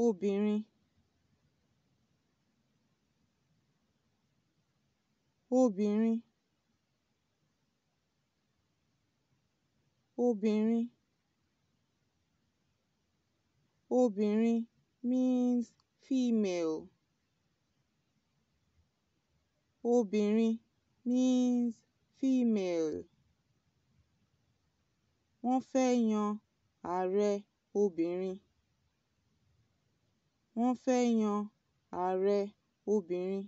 obìnrin obìnrin obìnrin obìnrin means female obìnrin means female wọ́n fẹ́ yan ààrẹ obìnrin wọ́n fẹ́ yan ààrẹ obìnrin